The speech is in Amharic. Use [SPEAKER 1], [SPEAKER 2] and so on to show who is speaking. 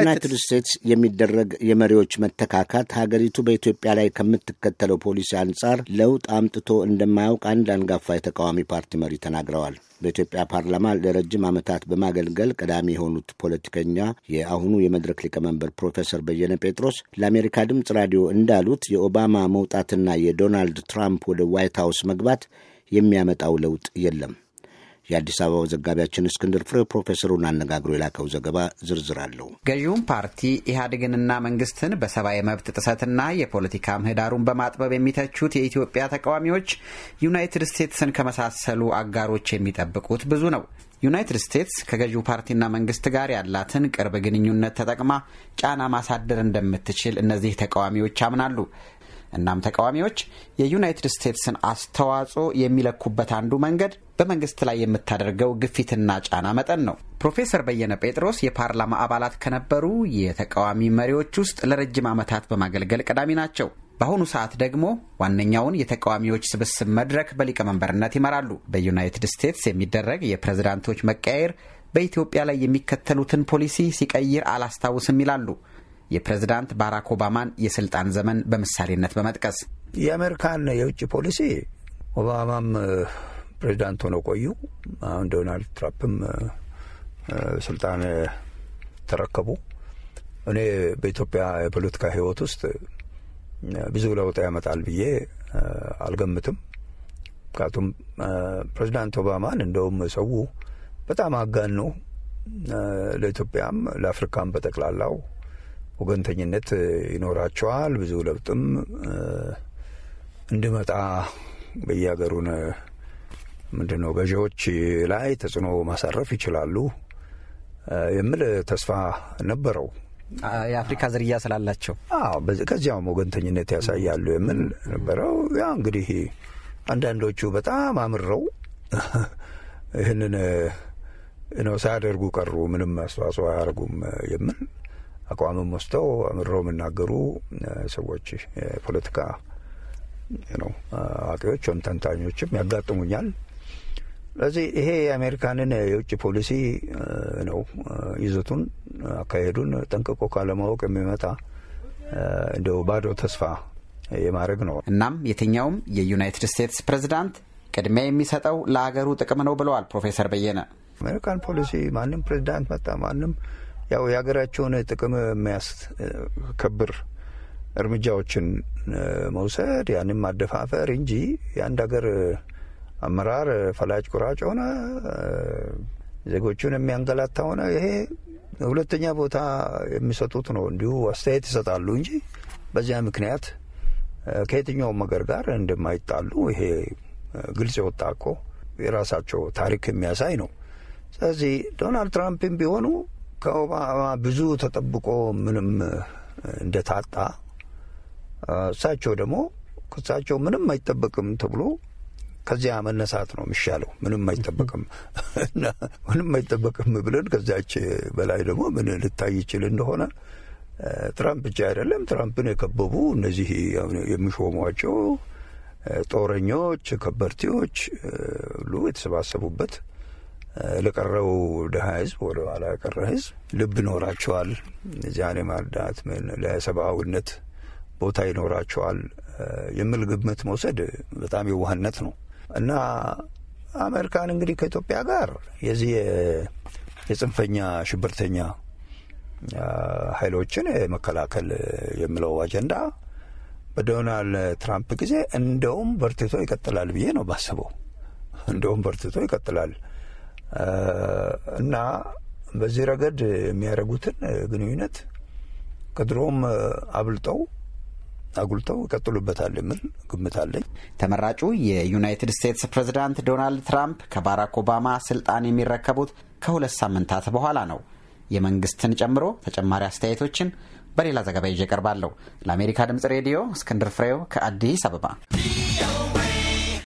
[SPEAKER 1] ዩናይትድ ስቴትስ የሚደረግ የመሪዎች መተካካት ሀገሪቱ በኢትዮጵያ ላይ ከምትከተለው ፖሊሲ አንጻር ለውጥ አምጥቶ እንደማያውቅ አንድ አንጋፋ የተቃዋሚ ፓርቲ መሪ ተናግረዋል። በኢትዮጵያ ፓርላማ ለረጅም ዓመታት በማገልገል ቀዳሚ የሆኑት ፖለቲከኛ የአሁኑ የመድረክ ሊቀመንበር ፕሮፌሰር በየነ ጴጥሮስ ለአሜሪካ ድምፅ ራዲዮ እንዳሉት የኦባማ መውጣትና የዶናልድ ትራምፕ ወደ ዋይት ሀውስ መግባት የሚያመጣው ለውጥ የለም። የአዲስ አበባው ዘጋቢያችን እስክንድር ፍሬ ፕሮፌሰሩን አነጋግሮ የላከው ዘገባ ዝርዝር አለው።
[SPEAKER 2] ገዢውን ፓርቲ ኢህአዴግንና መንግስትን በሰብአዊ መብት ጥሰትና የፖለቲካ ምህዳሩን በማጥበብ የሚተቹት የኢትዮጵያ ተቃዋሚዎች ዩናይትድ ስቴትስን ከመሳሰሉ አጋሮች የሚጠብቁት ብዙ ነው። ዩናይትድ ስቴትስ ከገዢው ፓርቲና መንግስት ጋር ያላትን ቅርብ ግንኙነት ተጠቅማ ጫና ማሳደር እንደምትችል እነዚህ ተቃዋሚዎች ያምናሉ። እናም ተቃዋሚዎች የዩናይትድ ስቴትስን አስተዋጽኦ የሚለኩበት አንዱ መንገድ በመንግስት ላይ የምታደርገው ግፊትና ጫና መጠን ነው። ፕሮፌሰር በየነ ጴጥሮስ የፓርላማ አባላት ከነበሩ የተቃዋሚ መሪዎች ውስጥ ለረጅም ዓመታት በማገልገል ቀዳሚ ናቸው። በአሁኑ ሰዓት ደግሞ ዋነኛውን የተቃዋሚዎች ስብስብ መድረክ በሊቀመንበርነት ይመራሉ። በዩናይትድ ስቴትስ የሚደረግ የፕሬዝዳንቶች መቀያየር በኢትዮጵያ ላይ የሚከተሉትን ፖሊሲ ሲቀይር አላስታውስም ይላሉ። የፕሬዝዳንት ባራክ ኦባማን የስልጣን ዘመን በምሳሌነት በመጥቀስ
[SPEAKER 3] የአሜሪካን የውጭ ፖሊሲ ኦባማም ፕሬዚዳንት ሆነው ቆዩ። አሁን ዶናልድ ትራምፕም ስልጣን ተረከቡ። እኔ በኢትዮጵያ የፖለቲካ ሕይወት ውስጥ ብዙ ለውጥ ያመጣል ብዬ አልገምትም። ምክንያቱም ፕሬዚዳንት ኦባማን እንደውም ሰው በጣም አጋን ነው ለኢትዮጵያም ለአፍሪካም በጠቅላላው ወገንተኝነት ይኖራቸዋል። ብዙ ለውጥም እንዲመጣ በየሀገሩን ምንድነው ገዢዎች ላይ ተጽዕኖ ማሳረፍ ይችላሉ የሚል ተስፋ ነበረው። የአፍሪካ ዝርያ ስላላቸው ከዚያም ወገንተኝነት ያሳያሉ የሚል ነበረው። ያ እንግዲህ አንዳንዶቹ በጣም አምረው ይህንን ነው ሳያደርጉ ቀሩ፣ ምንም አስተዋጽኦ አያደርጉም የሚል አቋምም ወስደው አምረው የሚናገሩ ሰዎች ፖለቲካ ነው አዋቂዎች ወይም ተንታኞችም ያጋጥሙኛል። ስለዚህ ይሄ የአሜሪካንን የውጭ ፖሊሲ ነው ይዘቱን፣ አካሄዱን ጠንቅቆ ካለማወቅ የሚመጣ እንደው ባዶ ተስፋ የማድረግ ነው።
[SPEAKER 2] እናም የትኛውም የዩናይትድ ስቴትስ ፕሬዚዳንት ቅድሚያ የሚሰጠው ለሀገሩ ጥቅም ነው ብለዋል ፕሮፌሰር በየነ።
[SPEAKER 3] አሜሪካን ፖሊሲ ማንም ፕሬዚዳንት መጣ ማንም ያው የሀገራቸውን ጥቅም የሚያስከብር እርምጃዎችን መውሰድ ያንም ማደፋፈር እንጂ የአንድ ሀገር አመራር ፈላጭ ቁራጭ ሆነ ዜጎቹን የሚያንገላታ ሆነ ይሄ ሁለተኛ ቦታ የሚሰጡት ነው። እንዲሁ አስተያየት ይሰጣሉ እንጂ በዚያ ምክንያት ከየትኛውም ነገር ጋር እንደማይጣሉ ይሄ ግልጽ የወጣ እኮ የራሳቸው ታሪክ የሚያሳይ ነው። ስለዚህ ዶናልድ ትራምፕም ቢሆኑ ከኦባማ ብዙ ተጠብቆ ምንም እንደታጣ እሳቸው ደግሞ ከእሳቸው ምንም አይጠበቅም ተብሎ ከዚያ መነሳት ነው የሚሻለው። ምንም አይጠበቅም ምንም አይጠበቅም ብለን ከዚያች በላይ ደግሞ ምን ልታይ ይችል እንደሆነ ትራምፕ ብቻ አይደለም። ትራምፕን የከበቡ እነዚህ የሚሾሟቸው ጦረኞች፣ ከበርቴዎች ሁሉ የተሰባሰቡበት ለቀረው ድሀ ህዝብ ወደ ኋላ ቀረ ህዝብ ልብ ይኖራቸዋል። ዛኔ ማርዳት ምን ለሰብአዊነት ቦታ ይኖራቸዋል የሚል ግምት መውሰድ በጣም የዋህነት ነው እና አሜሪካን እንግዲህ ከኢትዮጵያ ጋር የዚህ የጽንፈኛ ሽብርተኛ ኃይሎችን መከላከል የሚለው አጀንዳ በዶናልድ ትራምፕ ጊዜ እንደውም በርትቶ ይቀጥላል ብዬ ነው ባስበው። እንደውም በርትቶ ይቀጥላል። እና በዚህ ረገድ የሚያደርጉትን ግንኙነት ከድሮም አብልጠው አጉልተው ይቀጥሉበታል የሚል
[SPEAKER 2] ግምት አለኝ። ተመራጩ የዩናይትድ ስቴትስ ፕሬዝዳንት ዶናልድ ትራምፕ ከባራክ ኦባማ ስልጣን የሚረከቡት ከሁለት ሳምንታት በኋላ ነው። የመንግስትን ጨምሮ ተጨማሪ አስተያየቶችን በሌላ ዘገባ ይዤ ቀርባለሁ። ለአሜሪካ ድምጽ ሬዲዮ እስክንድር ፍሬው ከአዲስ አበባ